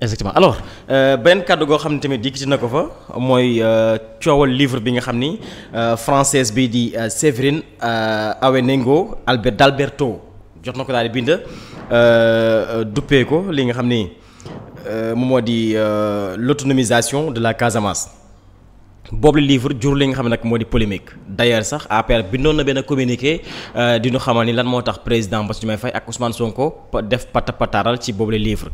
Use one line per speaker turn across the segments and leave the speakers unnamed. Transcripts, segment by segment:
exactement alors euh, benn kàddu goo xam ne tamit yëkkati na ko fa mooy euh, coowal livre bi nga xam ni euh, française bi di Séverine Awenengo Albert d'Alberto jot na ko daal di bind duppee ko li nga xam ni moom moo di l'autonomisation de la Casamance. boobu livre jur li nga xam ne nag moo di polémique d'ailleurs sax APR bindoon na benn communiqué euh, di xamal ni lan moo tax président Bassirou Diomaye Faye ak Ousmane Sonko def pata ci boobu livre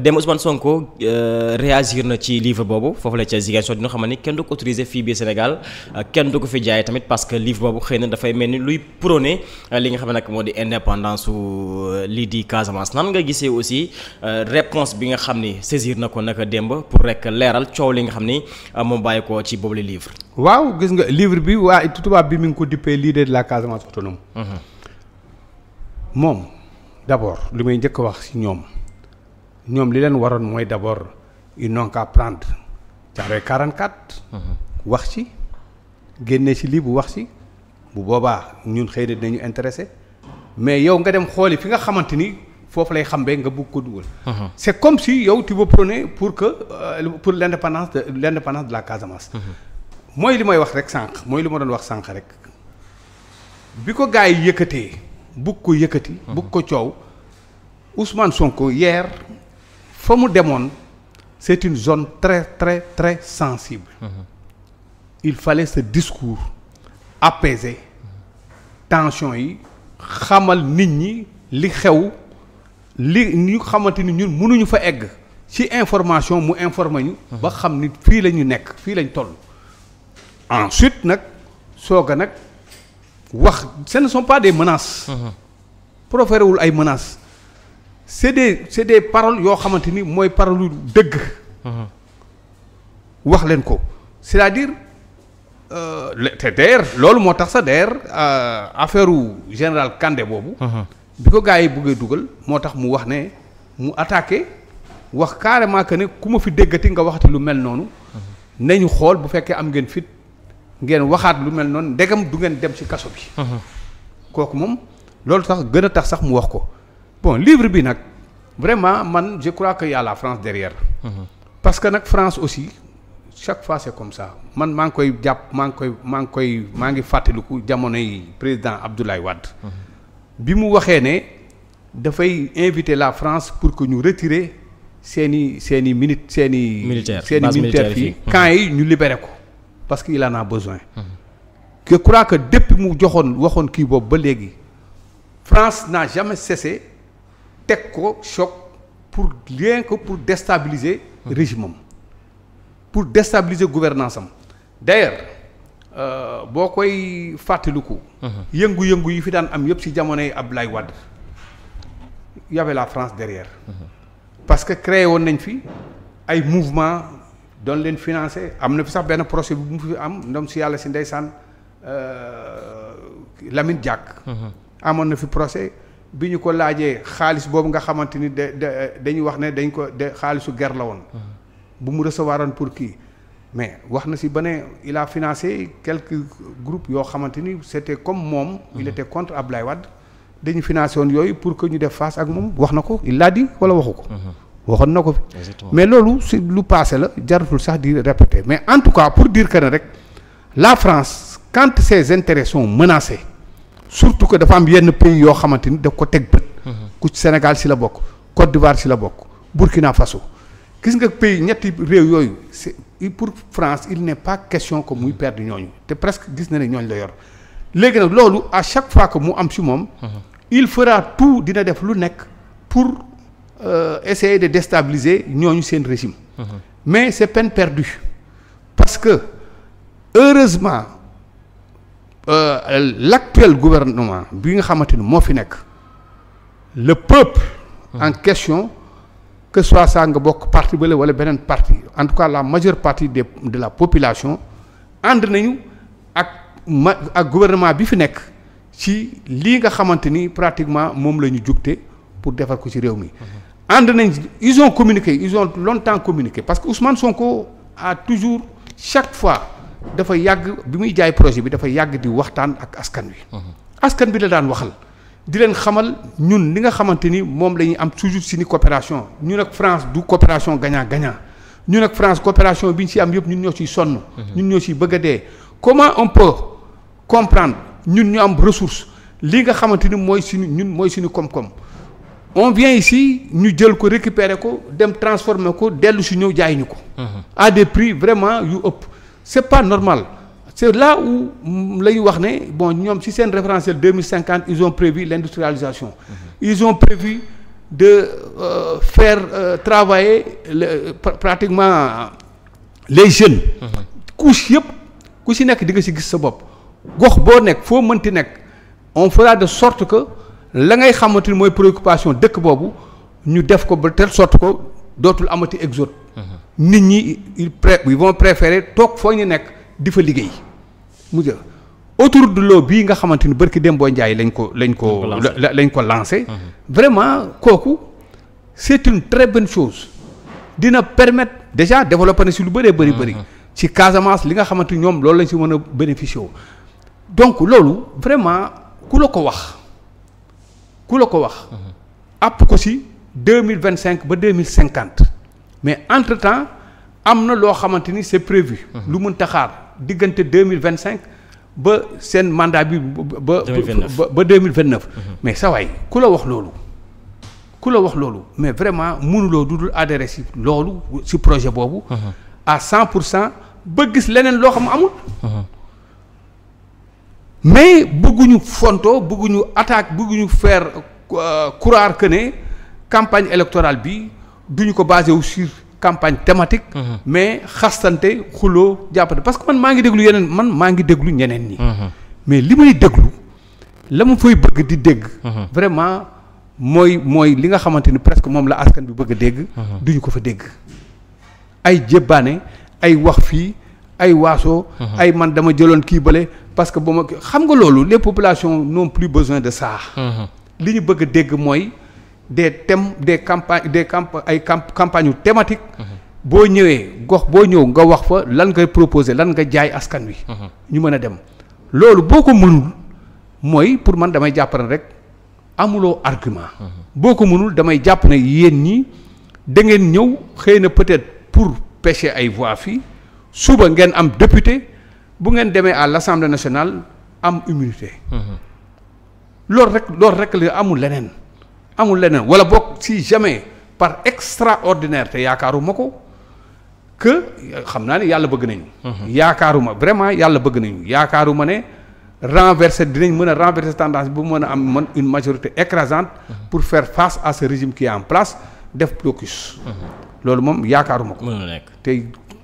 dem Ousmane Sonko euh, réagir na ci livre boobu foofu la ca Ziguinchor di ñu xamal ni kenn du ko autorisé fii biir Sénégal euh, kenn du ko fi jaay tamit parce que livre boobu xëy na dafay mel ni luy prôné li nga xam ne nag moo di indépendance su lii di Casamance nan nga gisee aussi réponse bi nga xam ni saisir na ko naka démb pour rek leeral coow li nga xam ni moom bàyyi ci boobu le livre. waaw
gis nga livre bi waa tubaab bi mi ngi ko dippee lii de la Casamance autonome. Mhm. moom d' abord li may njëkk wax si ñoom ñoom li leen waroon mooy d' abord non n'ont qu'à prendre Thiaroye mhm. wax ci génne si lii bu wax si bu boobaa ñun xëy na dinañu intéressé mais yow nga dem xooli fi nga xamante ni foofu lay xam be nga bugg ko dugal. Mhm. c' est comme si yow tu veux pour que euh, pour l' indépendance de la Casamance. mooy li may wax rek sànq mooy li ma doon wax sànq rek bi ko gars yi yëkkatee bugg ko yëkkati. Mhm. bugg ko coow Ousmane Sonko hier fa mu demoon c'est une zone très très très sensible. Mhm. il fallait ce discours apaiser tension yi xamal nit ñi li xew li ñu xamante ni ñun mënuñu fa egg ci information mu informer ñu. Mhm. ba xam ni fii la ñu nekk fii lañ toll. ensuite nag soog a nag wax ce ne sont pas des menaces. wul ay menaces c' est des c' est des paroles yoo xamante ni mooy parole yu dëgg. wax leen ko c' est à dire euh, te d'ailleurs loolu moo tax sax d'ailleurs euh, affaire général Kandé boobu. bi ko gars yi buggee dugal moo tax mu wax ne mu attaque wax carrément que ne ku ma fi déggati nga waxati lu mel noonu. ñu xool bu fekkee am ngeen fit. ngeen waxaat lu mel noonu ndegam du ngeen dem ci kaso bi. Mhm. kooku moom loolu tax gën a tax sax mu wax ko bon livre bi nag vraiment man je crois que y la France derrière. Mhm. parce que nag France aussi chaque fois c'est comme ça man maa ngi koy jàpp maa ngi koy maa ngi koy maa ngi fàttaliku jamonoy président Abdoulaye Wade. Mhm. bi mu waxee ne dafay inviter la France pour que ñu retirer seeni seeni minit seeni. militaire seeni militaire fii camp yi ñu libéré ko. parce que il naa a besoin. Mhm. je crois que depuis mu joxoon waxoon kii boobu ba léegi France n'a jamais cessé teg ko choc pour lien ko pour déstabiliser mhm. régime am pour déstabiliser gouvernance am d'ailleurs euh, boo koy fàttaliku. Mhm. yëngu-yëngu yi fi daan am yëpp si jamonoy Abdoulaye Wade y avait la France derrière. parce que créé woon nañ fi ay mouvement doon leen financé am na fi sax benn projet bu mu fi am ndom si yàlla si ndeysaan euh, Lamine Diack. Mhm. amoon na fi procès bi ñu ko laajee xaalis boobu nga xamante ni de dañu wax ne dañ ko de xaalisu ger la woon. Mhm. bu mu recevoir woon pour kii. mais wax na si ba ne il a financé quelques groupes yoo xamante ni c' était comme moom. il mhm. était contre Ablaye Wade dañu financé woon yooyu pour que ñu def face ak moom wax na ko il l'a dit wala waxu ko. waxoon na ko mais loolu si lu passé la jaratul sax di répéter mais en tout cas pour dire que ne rek la France quand ses intérêts sont menacés surtout que dafa am yenn pays yoo xamante ni daf ko teg bët mhm. ku Sénégal si la bokk Côte d'Ivoire si la bokk Burkina Faso gis nga pays ñetti réew yooyu c'est pour France il n'est pas question que muy perdre ñooñu te presque gis na ne ñooñu la yor léegi nag loolu à chaque fois que mu am si moom mhm. il fera tout dina def lu nekk pour Euh, essayer de ñoo ñu seen régime mais c'est peine perdue parce que heureusement euh, l'actuel gouvernement bi nga xamante ni moo fi nekk le peuple en question que soit ça nga bokk parti bële wala beneen parti en tout cas la majeure parti des de la population ànd nañu ak ma ak gouvernement bi fi nekk ci lii nga xamante ni pratiquement moom la ñu jugte pour defar ko ci réew mi ànd nañ ils ont communiqué ils ont longtemps communiqué parce que Ousmane Sonko a toujours chaque fois dafa yàgg bi muy jaay projet bi dafa yàgg di waxtaan ak askan wi. Mhm. askan bi la daan waxal. di leen xamal ñun li nga xamante ni moom la ñuy am toujours si ni coopération ñun ak France du coopération gagnant gaña ñun ak France coopération bi ñu si am yëpp ñun ñoo siy sonn. Mhm. ñun ñoo si bëgg a dee. comment on peut comprendre ñun ñu am ressource li nga xamante ni mooy suñu ñun mooy suñu koom on vient ici ñu jël ko récupérer ko dem transformé ko dellu si ñëw jaay ñu ko. Mhm. à des prix vraiment yu ëpp. c'est pas normal c'est là où la ñu wax ne bon ñoom si seen référentiel 2050 ils ont prévu l'industrialisation. Mhm. ils ont prévu de euh, faire euh, travailler le, pratiquement les jeunes. Mhm. couche yëpp ku si nekk di nga ci gis sa bopp gox boo nekk foo mënti nekk on fera de sorte que. la ngay xamante mooy préoccupation dëkk boobu ñu def ko ba telle sort ko dootul amati exode. Mhm. nit ñi ils pré ils vont préférer toog foo ñu nekk di fa liggéey mu jël autoroute de l'eau bii nga xamante ni barki Dembo Ndiaye lañ ko lañ ko lañ ko lancé mhm. vraiment kooku c'est une très bonne chose dina permettre déjà développer na si lu bëree bëri mhm. bëri ci Casamance li nga xamante ni ñoom loolu lañ si mën a bénéficier donc loolu vraiment ku la ko wax ku la ko wax. àpp ko si deux mille vingt cinq ba deux mille cinquante mais entre temps am na loo xamante ni c'est prévu. lu mën taxaar diggante deux mille vingt cinq ba seen mandat bi ba. ba deux mille vingt neuf mais sa waay ku la wax loolu. ku la wax loolu mais vraiment mënuloo dudul adhéré si loolu si projet boobu. à cent pour cent ba gis leneen loo xam amul. mais bëgguñu fonto bëgguñu attaque bëgguñu faire euh, croire que ne campagne électorale bi duñu ko basé wu sur campagne thématique. Mm-hmm. mais xastante xuloo jàppante parce que man maa ngi déglu yeneen man maa ngi déglu ñeneen mm-hmm. mais li may déglu la ma fay bëgg di dégg. Mm-hmm. vraiment mooy mooy li nga xamante ni presque moom la askan bi bëgg a dégg. duñu ko fa dégg ay jébbaane ay wax fii. ay waaso. Mhm. ay man dama jëloon kii bële parce que ba ma xam nga loolu les populations n'ont plus besoin de ça. Mhm. li ñu bëgg a dégg mooy de thèmes de campagnes des camp ay campagnes mhm. boo ñëwee gox boo ñëw nga wax fa lan nga proposer lan nga jaay askan wi. ñu mën a dem loolu boo ko mënul mooy pour man damay jàppale rek amuloo argument. boo ko mënul damay jàpp ne yéen ñi da ngeen ñëw xëy na peut-être pour pêcher ay voix fii. suba ngeen am député bu ngeen demee à l'Assemblée nationale am immunité mm-hmm. loolu rek loolu rek li amul leneen amul leneen wala boog si jamais par extraordinaire te yaakaaruma ko que xam naa ne yàlla bëgg nañu mm-hmm. yaakaaruma vraiment yàlla bëgg nañu yaakaaruma ne renverser dinañ mën a renverser tendance bu mën a am man une majorité écrasante mm-hmm. pour faire face à ce régime qui est en place def blocus loolu moom yaakaaruma ko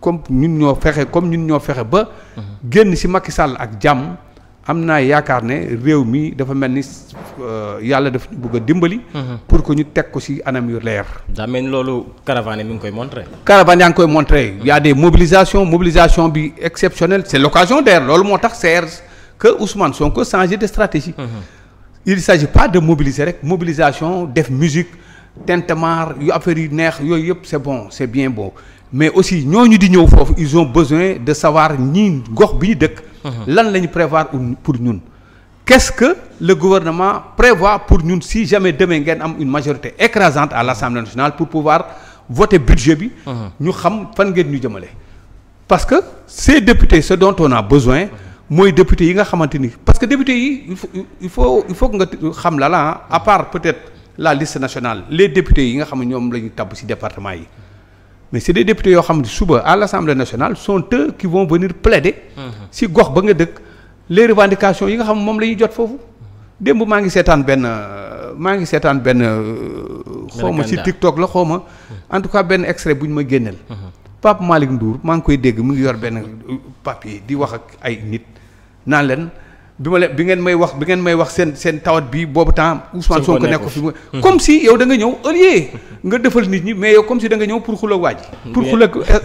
comme ñun ñoo fexe comme ñun ñoo fexe ba. génn ci Macky sàll ak jàmm. am naa yaakaar ne réew mi dafa mel ni euh, yàlla daf bëgg a dimbali. Mhm. pour que ñu teg ko ci anam yu leer.
daa mel ni loolu caravane mi ngi koy montré.
caravane yaa ngi koy montré. y de mobilisation mobilisation bi exceptionnelle c'est location d'ailleurs loolu moo tax c'est que Ousmane Sonko changé de stratégie. Mhm. il s'agit pas de mobiliser rek mobilisation def musique tintamarre yu affaire yu neex yooyu yëpp bon c'est bien beau mais aussi ñoo ñu di ñëw foofu ils ont besoin de savoir ñii gox bi ñu dëkk. lan la ñu prévoir pour ñun. quest que le gouvernement prévoit pour ñun si jamais demain ngeen am une majorité écrasante à l'Assemblée nationale pour pouvoir voter budget bi. ñu xam fan ngeen ñu jëmale. parce que ces députés ce dont on a besoin. mooy député yi nga xamante ni parce que député yi il faut il faut il faut nga xam la la à part peut-être la liste nationale les députés yi nga xam ne ñoom la ñu tabb département yi. mais c'est des députés yoo xam ne suba à l'Assemblée nationale sont eux qui vont venir plaider. Mhm. si gox ba nga dëkk les revendications yi nga xam moom la ñuy jot foofu. démb maa ngi seetaan benn maa ngi seetaan benn. Euh, xaw ma si TikTok la xaw mhm. en tout cas benn extrait bu ñu ma génneel. Mhm. Pape Malick Ndour maa ngi koy dégg mu ngi yor benn euh, papier di wax ak ay nit naa leen. bi ma leen bi ngeen may wax bi ngeen may wax seen seen tawat bi boobu temps Ousmane Sonko nekk fi mu hmm. comme si yow da nga ñëw au lieu nga defal nit ñi mais yow comme si da nga ñëw pour xul ak waaj hmm.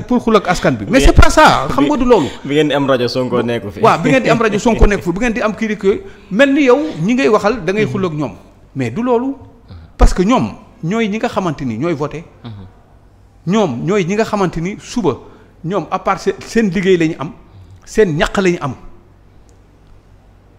pour askan bi mais c'est pas ça xam
ngeen di am rajo Sonko nekk fi waaw bi ngeen di am rajo
Sonko nekk fi bi ngeen di am mel ni yow ñi ngay waxal dangay ngay xul ak ñoom mais du loolu parce que ñoom ñooy ñi nga xamante ni ñooy voté ñoom ñooy ñi nga xamante ni suba ñoom à part seen liggéey la ñu am seen ñaq la ñu am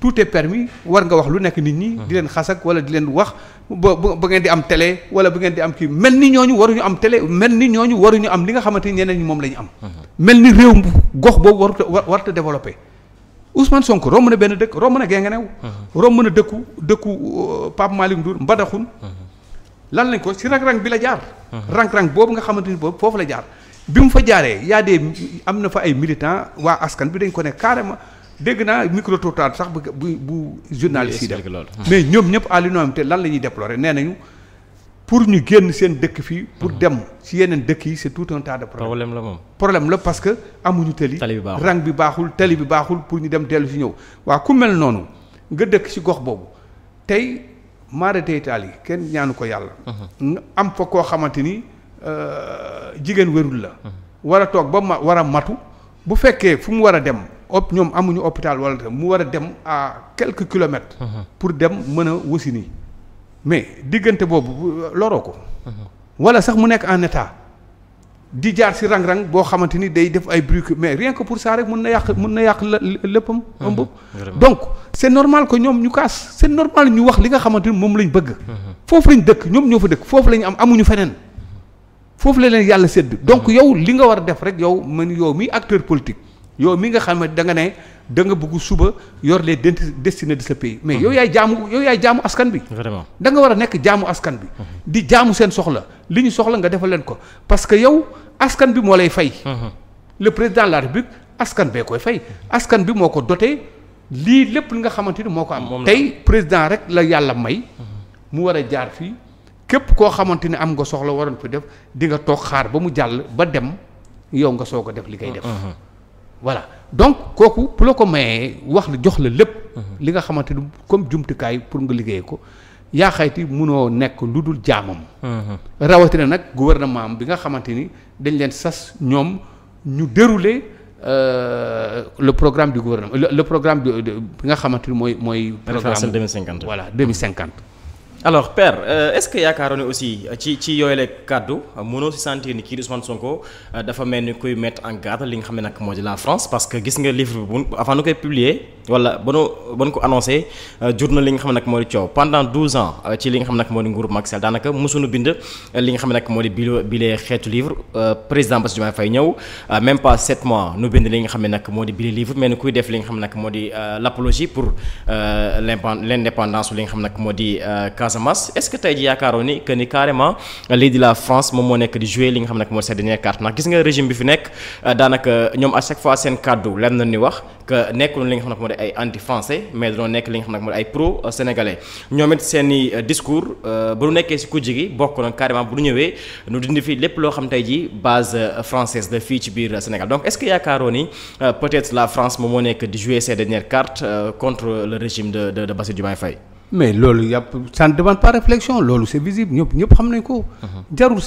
tout est permis war nga wax lu nekk nit ñi. di leen xasak wala di leen wax ba ba ngeen di am télé wala ba ngeen di am kii mel ni ñooñu waruñu am télé mel ni ñooñu waruñu am li nga xamante ni ñeneen ñi moom lañu am. Mhm. mel ni réew gox boobu warut a warut a développé Ousmane Sonko romb na benn dëkk romb na Guinguinéo. Mhm. romb na dëkku dëkku euh, Pape Malick Ndour Mbadakhoune. Mhm. lan lañ ko si rang-rang bi la jaar. rang-rang boobu nga xamante ni boobu foofu la jaar bi mu fa jaaree y a des am na fa ay militants waa askan bi dañ ko ne carrément. dégg naa micro trottoir sax bu bu bu journaliste dem
def mais
ñoom ñëpp à l'unanimité lan la ñuy déplorer nee nañu pour ñu génn seen dëkk fii pour mhm. dem si yeneen dëkk yi si tout un tas de problème problème la moom problème la parce que amuñu tëli rang bi baaxul tëli bi baaxul pour ñu dem dellu si ñëw waa ku mel noonu nga dëkk si gox boobu tey maara deytaal yi kenn ñaanu ko yàlla mhm. am fa koo xamante ni euh, jigéen wérul la mhm. war a toog ba ma war a matu bu fekkee fu mu war a dem op ñoom amuñu hôpital wala mu war a dem à quelques kilomètres. Mhm. pour dem mën a wasini mais diggante boobu loro ko. Mhm. wala sax mu nekk en état di jaar si rang-rang boo xamante ni day def ay bruit mais rien que pour ça rek mun na yàq mun na yàq léppam. Mhm. ëmb donc c' est normal ñoom ñu kaas c' est normal ñu wax li nga xamante ni moom lañ bëgg. foofu lañ dëkk ñoom ñoo fa dëkk foofu lañ am amuñu feneen. foofu la leen yàlla sédd donc yow li nga war a def rek yow man yow mii acteur politique yow mi nga xam ne da nga ne da nga bëgg suba yor les destinées de ce pays. mais yow yaay jaamu yow yaay jaamu askan bi. vraiment da nga war a nekk jaamu askan bi. di jaamu seen soxla li ñu soxla nga defal leen ko parce que yow askan bi moo lay fay. Mhm. le président de la askan bee koy fay askan bi moo ko doté lii lépp li nga xamante ni moo ko am. tey président rek la yàlla may. Mhm. mu war a jaar fii képp koo xamante ni am nga soxla waroon fi def di nga toog xaar ba mu jàll ba dem yow nga soog a def li ngay def. Mhm. voilà donc kooku bu la ko mayee wax la jox la lépp. Mhm. li nga xamante ni comme jumtukaay pour nga liggéey ko yaa xayti munoo nekk lu dul jaamam. Mhm. rawatina nag gouvernement bi nga xamante ni dañ leen sas ñoom ñu dérouler. Euh, le programme du gouvernement le, le programme bi nga xamante ni mooy mooy. programme référentiel 2050. voilà 2050.
alors per euh, est-ce que yaakaaroon aussi euh, ci ci yooyu kàddu euh, mënoo si sentir ni kii di Ousmane Sonko euh, dafa mel ni kuy mettre en garde li nga xam ne nag moo di la France parce que gis nga livre bu avant nu koy publier wala ba nu ba nu ko annoncé euh, jur na li nga xam na nag moo di coow pendant douze ans euh, ci li nga xam ne nag moo di nguurub Macky Sall daanaka mësuñu bind euh, li nga xam ne nag moo di bile bile xeetu livre président Bassirou Diomaye Faye ñëw même pas sept mois nu bind li nga xam ne nag moo di bile livre mais ni kuy def li nga xam na nag moo di l'apologie pour l'indépendance li nga xam ne nag moo di Casamance est-ce que tey ji yaakaaroon ni que ni carrément lii di la France moom moo nekk di jouer li nga xam ne moo di gis nga régime bi fi nekk daanaka ñoom à chaque seen kàddu lenn na ni wax que nekkul li nga xam ne moo di ay anti français mais dañoo nekk li nga xam ne moo di ay pro sénégalais ñoom it i euh, discours euh, bu ñu nekkee si kujje gi bokk na carrément bu ñu ñëwee nu dindi fi lépp loo xam tey euh, fii ci biir Sénégal donc est-ce que yaakaaroon ni peut-être la France moom moo nekk di jouer ses dernières cartes contre le régime de de de Bassirou Diomaye
mais loolu yàpp ça ne pas réflexion loolu c'est visible ñëpp ñëpp xam nañ ko.
Mhm. jarul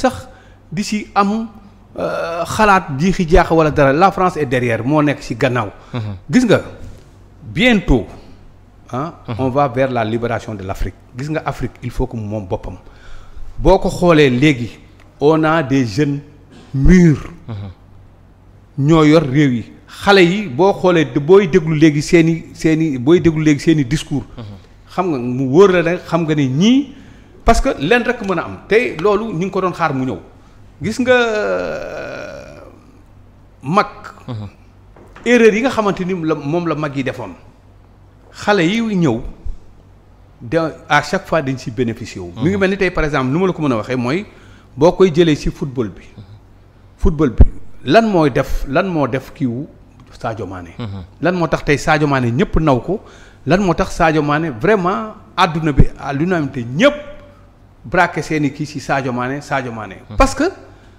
Euh, xalaat
jiixi jaax wala dara la France est derrière moo nekk ci gannaaw. Mhm. gis nga bientôt ah. on va vers la libération de l'Afrique gis nga Afrique il faut que moom boppam boo ko xoolee léegi on des jeunes mûrs. Mhm. ñoo yor réew yi xale yi boo xoolee booy déglu léegi seeni seeni booy déglu léegi seeni discours. xam nga mu wóor la rek xam nga ne ñii parce que leen rek mën a am tey loolu ñu ngi ko doon xaar mu ñëw. gis nga euh, mag. Uh-huh. erreur yi nga xamante ni la moom la mag yi defoon xale yi ñëw de à chaque fois dañ si bénéficier wu. mi ngi uh-huh. mel ni tey par exemple nu ma la ko mën a waxee mooy boo koy jëlee si football bi. Uh-huh. football bi lan mooy def lan moo def kiw wu Sadio Mané. lan moo tax tey Sadio Mané ñëpp naw ko lan moo tax Sadio Mané vraiment àdduna bi à l'unanimité ñëpp braqué seen i kii si Sadio Mané Sadio Mané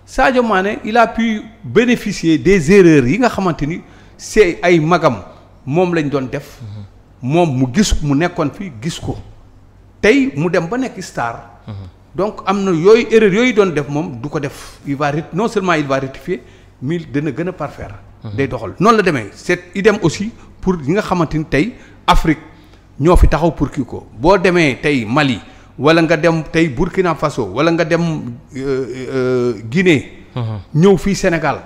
Sadio Mané il a pu bénéficier des erreurs yi nga xamante ni c'est ay magam moom lañ doon def moom mu gis mu nekkoon fi gis ko tey mu dem ba nekk star. donc am na yooyu erreur yooyu doon def moom du ko def il va non seulement il va rectifier mais dana gën a parfaire. day doxal noonu la demee i dem aussi pour ñi nga xamante ni tey Afrique ñoo fi taxaw pour kii ko boo demee tey Mali. wala nga dem tey Burkina Faso wala nga dem euh, euh, Guinée. Uh-huh. ñëw fii Sénégal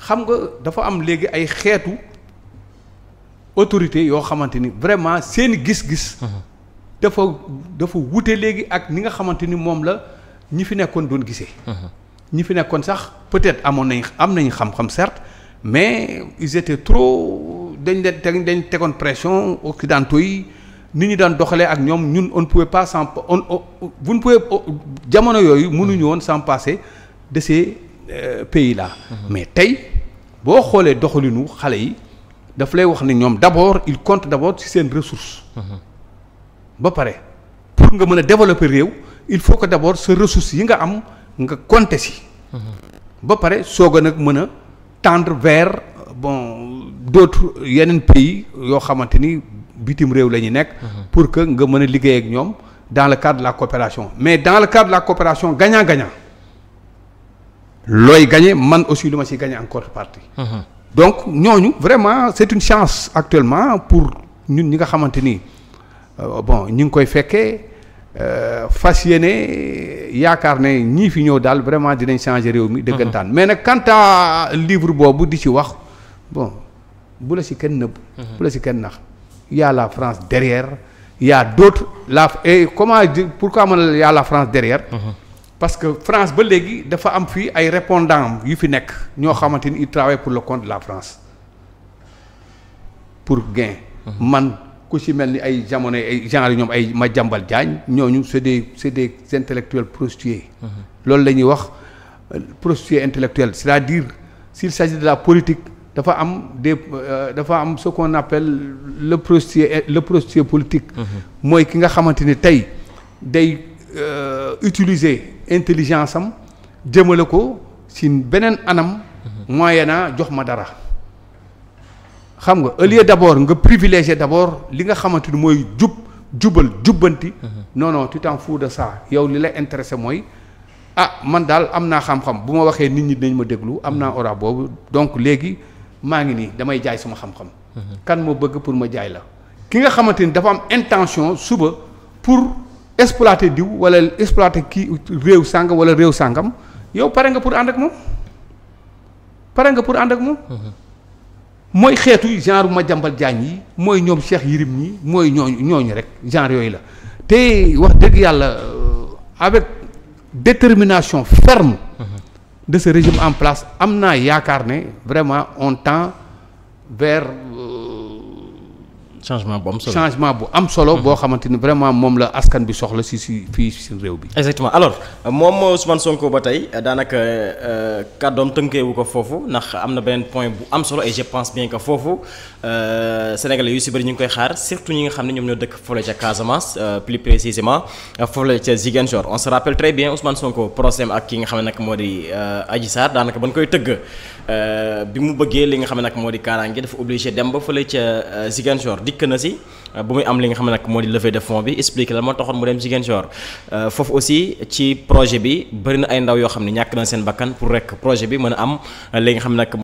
xam nga dafa am léegi ay xeetu autorité yoo xamante ni vraiment seen gis-gis. Uh-huh. dafa dafa wute léegi ak ni nga xamante ni moom la ñi fi nekkoon doon gisee. Uh-huh. ñi fi nekkoon sax peut-être amoon nañ am nañ xam-xam certes mais ils étaient trop dañ leen dañ tegoon pression occidentaux ni ñu daan doxalee ak ñoom ñun on ne pouvait pas s'en on vous ne pouvez oh, jamono yooyu mënuñu woon s'en passer de ces euh, pays là. Mhm. mais tey boo xoolee doxalinu xale yi daf lay wax ne ñoom d'abord il compte d'abord ci seen ressource. Mhm. ba pare pour nga mën a développer réew il faut que d'abord sa ressource yi nga am nga compter si mhm. ba pare soog a nag mën a tendre vers bon d'autres yeneen pays yoo xamante ni. bitim réew la ñu nekk. Mhm. pour que nga mën a liggéey ak ñoom dans le cadre de la coopération mais dans le cadre de la coopération gagnant gagnant looy gagné man aussi lu ma si gagné en contrepartie. Mhm. donc ñooñu vraiment c'est une chance actuellement pour ñun ñi nga xamante ni euh, bon ñu ngi koy fekkee euh, fas yéene yaakaar ne ñii fi ñëw daal vraiment dinañ changer réew mi. dëggantaan mhm. mais nag quant à livre boobu di ci wax bu la si kenn nëbb. bu la si kenn nax. il a la France derrière il y la et comment dire pourquoi ma ne il la France derrière. Mm parce que France ba léegi dafa am fii ay répondant yu fi nekk ñoo xamante ni ils travaillent pour le compte de la France pour gain. Uh-huh. man ku ci mel ni ay jamono ay genre ñoom ay Madiambal Diagne ñooñu c'est des c'est des intellectuels prostitués. Uh-huh. loolu la ñuy wax euh, prostitués intellectuels c'est-à-dire s'il s'agit de la politique. dafa am des euh, dafa am ce qu'on appelle le prostitué le prostitué politique mhm. mooy ki nga xamante ni tey day euh, utiliser intelligence am jëmale ko ci beneen anam mhm. moyennant jox ma dara xam nga au lieu d'abord nga privilégier d'abord li nga xamante ni mooy jub jubal jubbanti mhm. non non tu four de ça yow li la intéressé mooy ah man daal am naa xam-xam bu ma waxee nit ñi dinañ ma déglu am naa ora boobu donc léegi maa ngi nii damay jaay sama xam-xam. Mhm. kan moo bëgg pour ma jaay la. ki nga xamante ni dafa am intention suba pour exploiter diw wala exploiter kii réew sàngam wala réew sàngam yow pare nga pour ànd ak moom pare nga pour ànd ak moom. Mhm. mooy xeetu genre ma jàmbal jaañ yi mooy ñoom Cheikh Yirim ñi mooy ñooñu ñooñu rek genre yooyu la te wax dëgg yàlla euh, avec détermination ferme. Mhm. de ce régime en place am naa yaakaar ne vraiment on temps vers. Euh,
changement bu am solo bu am solo. boo
xamante ni vraiment moom la askan bi soxla si si fii si réew bi. exactement alors
moom Ousmane Sonko ba tey daanaka euh, kàddoom tënkeewu ko foofu ndax am na beneen point bu am solo et je pense bien ko foofu euh, sénégalais yu si bëri ñu ngi koy xaar surtout ñi nga xam ne ñoom ñoo dëkk foofu ca Casamance euh, plus précisément foofu ca Ziguinchor on se rappelle très bien Ousmane Sonko procès ak ki nga xam ne nag moo di Adji Sarr daanaka ba ñu koy tëgg. Euh, bi mu bëggee li nga xam ne nag moo di kaaraange dafa obligé dem ba fële ca euh, Ziguinchor dikk na si euh, bu muy am li nga xam ne nag moo di levée de fonds bi expliqué la moo taxoon mu dem Ziguinchor foofu aussi ci projet bi bëri na ay ndaw yoo xam ne ñàkk na seen bakkan pour rek projet bi mën a am li nga xam ne nag